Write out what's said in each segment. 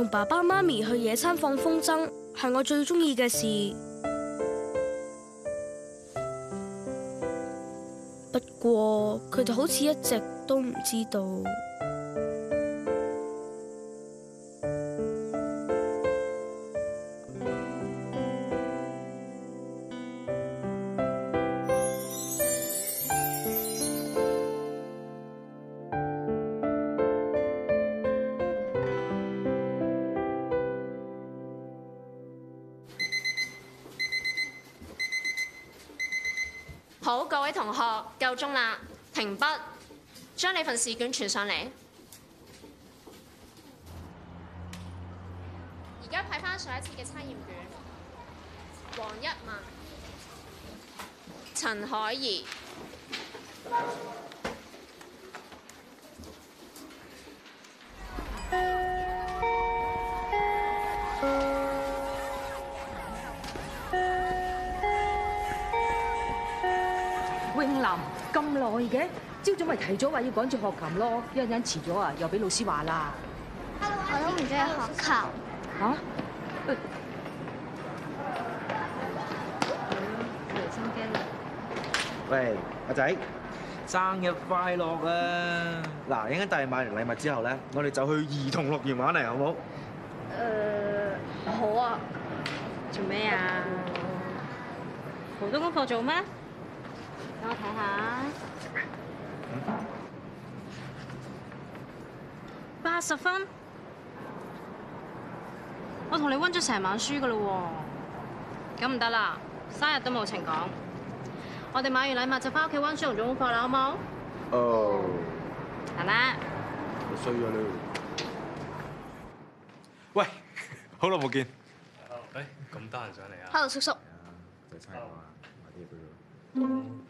同爸爸、媽咪去野餐、放風箏係我最中意嘅事。 不過佢哋好似一直都唔知道。好，各位同學夠鐘啦，停筆，將你份試卷傳上嚟。而家睇返上一次嘅測驗卷，王一文、陳海怡。 咁耐嘅，朝早咪提早話要趕住學琴咯，一陣遲咗啊，又俾老師話啦。我都唔中意學琴。嚇？係咯，女生驚啊！喂，阿仔，生日快樂啊！嗱，一陣帶你買完禮物之後咧，我哋就去兒童樂園玩嚟，好唔好？誒，好啊。做咩啊？好多功課做咩？等我睇下，八十分。我同你溫咗成晚書噶啦，咁唔得啦，生日都冇情講。我哋買完禮物就翻屋企溫書同做功課啦，好唔好？哦、oh, 嗎，阿媽。我衰啊你。喂，好耐冇見 Hello. hey,。誒，咁得閒上嚟啊？Hello 叔叔 yeah, Hello. 差。Hello. 買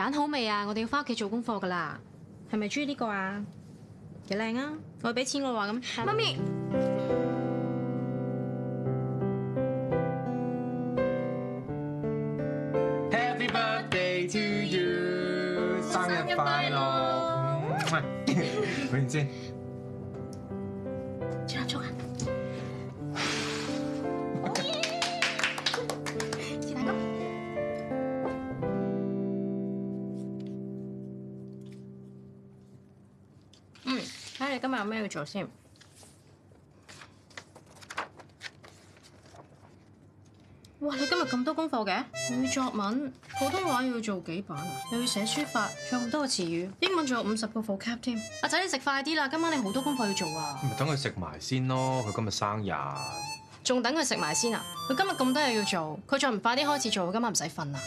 揀好未啊？我哋要翻屋企做功課噶啦。係咪中意呢個啊？幾靚啊！我俾錢我話咁，媽咪。Happy birthday to you，生日快樂。喂，認真。今日有咩要做先？哇！你今日咁多功課嘅？你要作文、普通話要做幾版啊？又要寫書法，仲有好多個詞語，英文仲有五十個課卡添。阿仔，你食快啲啦！今晚你好多功課要做啊！咪等佢食埋先咯，佢今日生日。仲等佢食埋先啊？佢今日咁多嘢要做，佢再唔快啲開始做，今晚唔使瞓啊！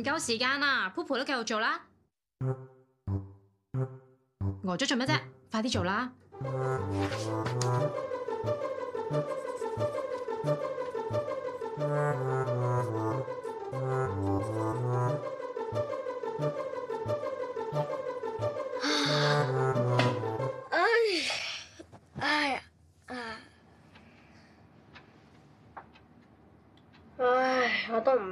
唔夠時間啊 p o 都繼續做啦，呆咗、呃呃、做乜啫？快啲做啦！呃呃呃呃呃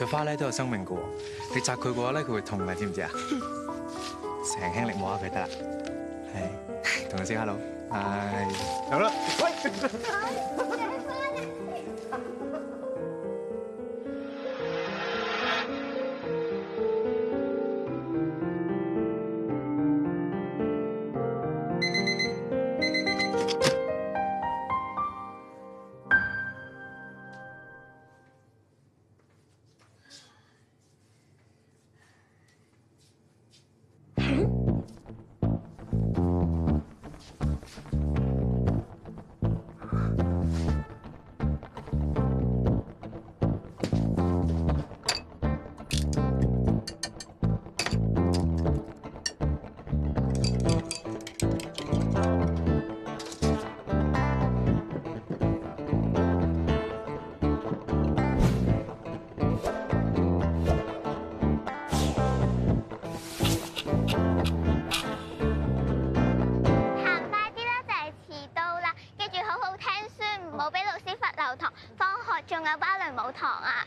佢花咧都有生命㗎喎，你摘佢嘅話咧，佢會痛㗎，知唔知啊？成 輕力摸下佢得啦，係 同佢先 hello，好啦，喂。冇俾老師罰留堂，放學仲有芭蕾舞堂啊！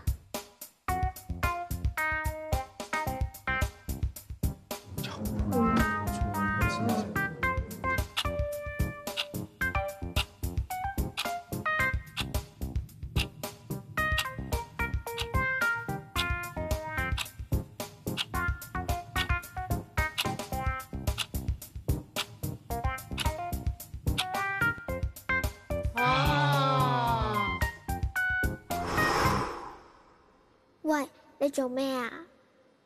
你做咩啊？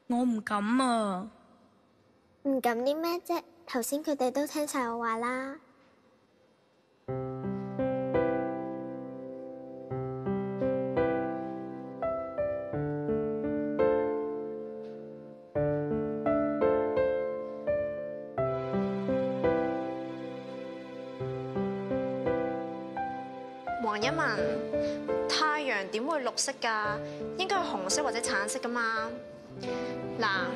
我唔敢啊！唔敢啲咩啫？頭先佢哋都聽晒我話啦！點會綠色㗎？應該係紅色或者橙色㗎嘛。嗱、嗯，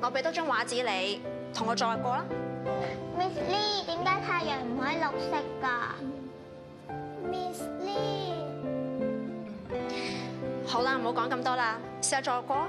我俾多張畫紙你，同我再過啦。Miss Lee，點解太陽唔可以綠色㗎？Miss Lee，好啦，唔好講咁多啦，試下再過。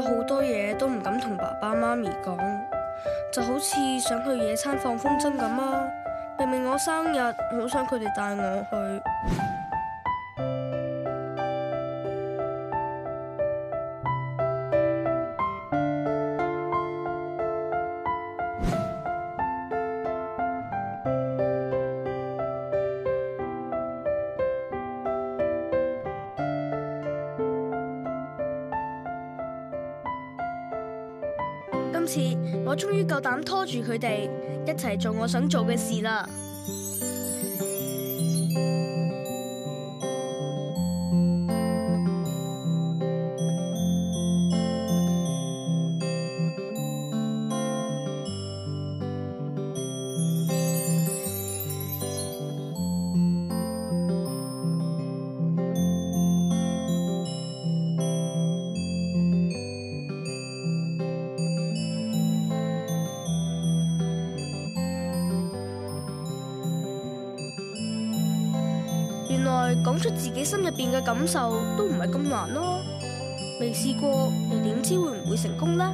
好多嘢都唔敢同爸爸媽咪講，就好似想去野餐、放風箏咁啊！明明我生日，好想佢哋帶我去。今次我終於夠膽拖住佢哋一齊做我想做嘅事啦！出自己心入邊嘅感受都唔係咁難咯啊，未試過又點知會唔會成功咧？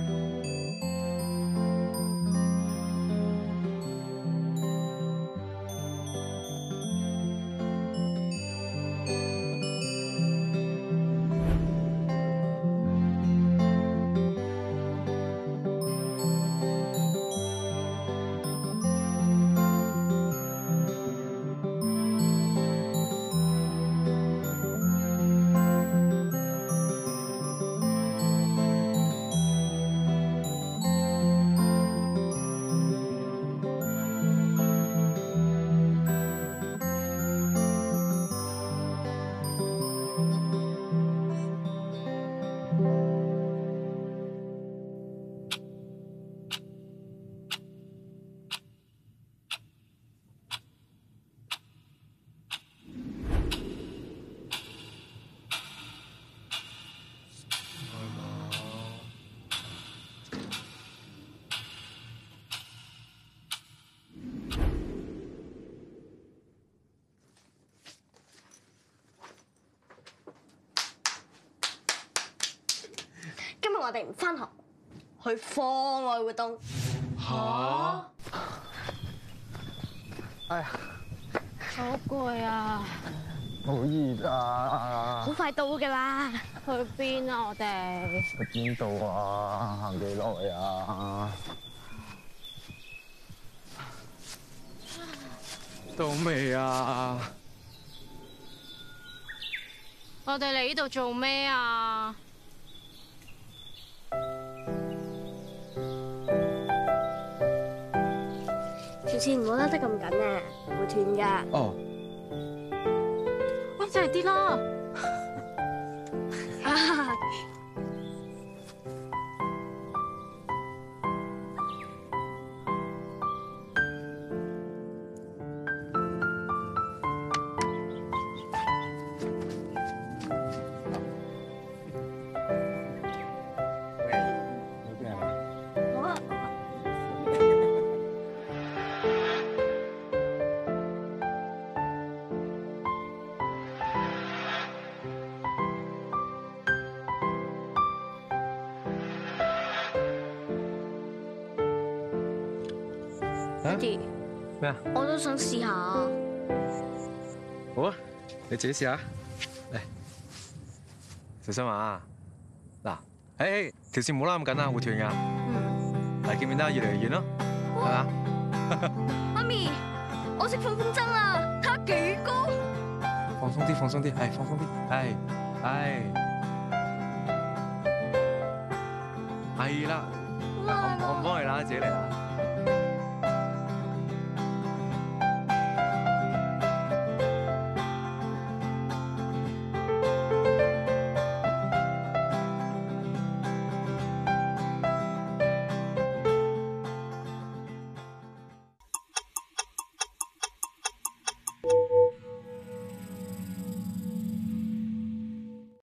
我哋唔翻學，去課外活動。吓！哎呀，好攰啊！好熱啊！好快到㗎喇，去邊啊？我哋去邊度啊？行幾耐啊？到未啊？我哋嚟呢度做咩啊？唔好拉得咁緊啊，會斷㗎。哦，溫靜啲咯。 爹，咩啊？麼我都想試下。好啊，你自己試下。嚟，小心啊，嗱，誒，條線唔好拉咁緊，嗯、啊，會斷噶。嗯、啊。嚟，見唔見得越嚟越遠咯？係嘛？媽咪，我識放風箏啦，睇下幾高。放鬆啲，放鬆啲，係放鬆啲，係係。係啦了、啊，我我唔幫你啦，自己嚟啊。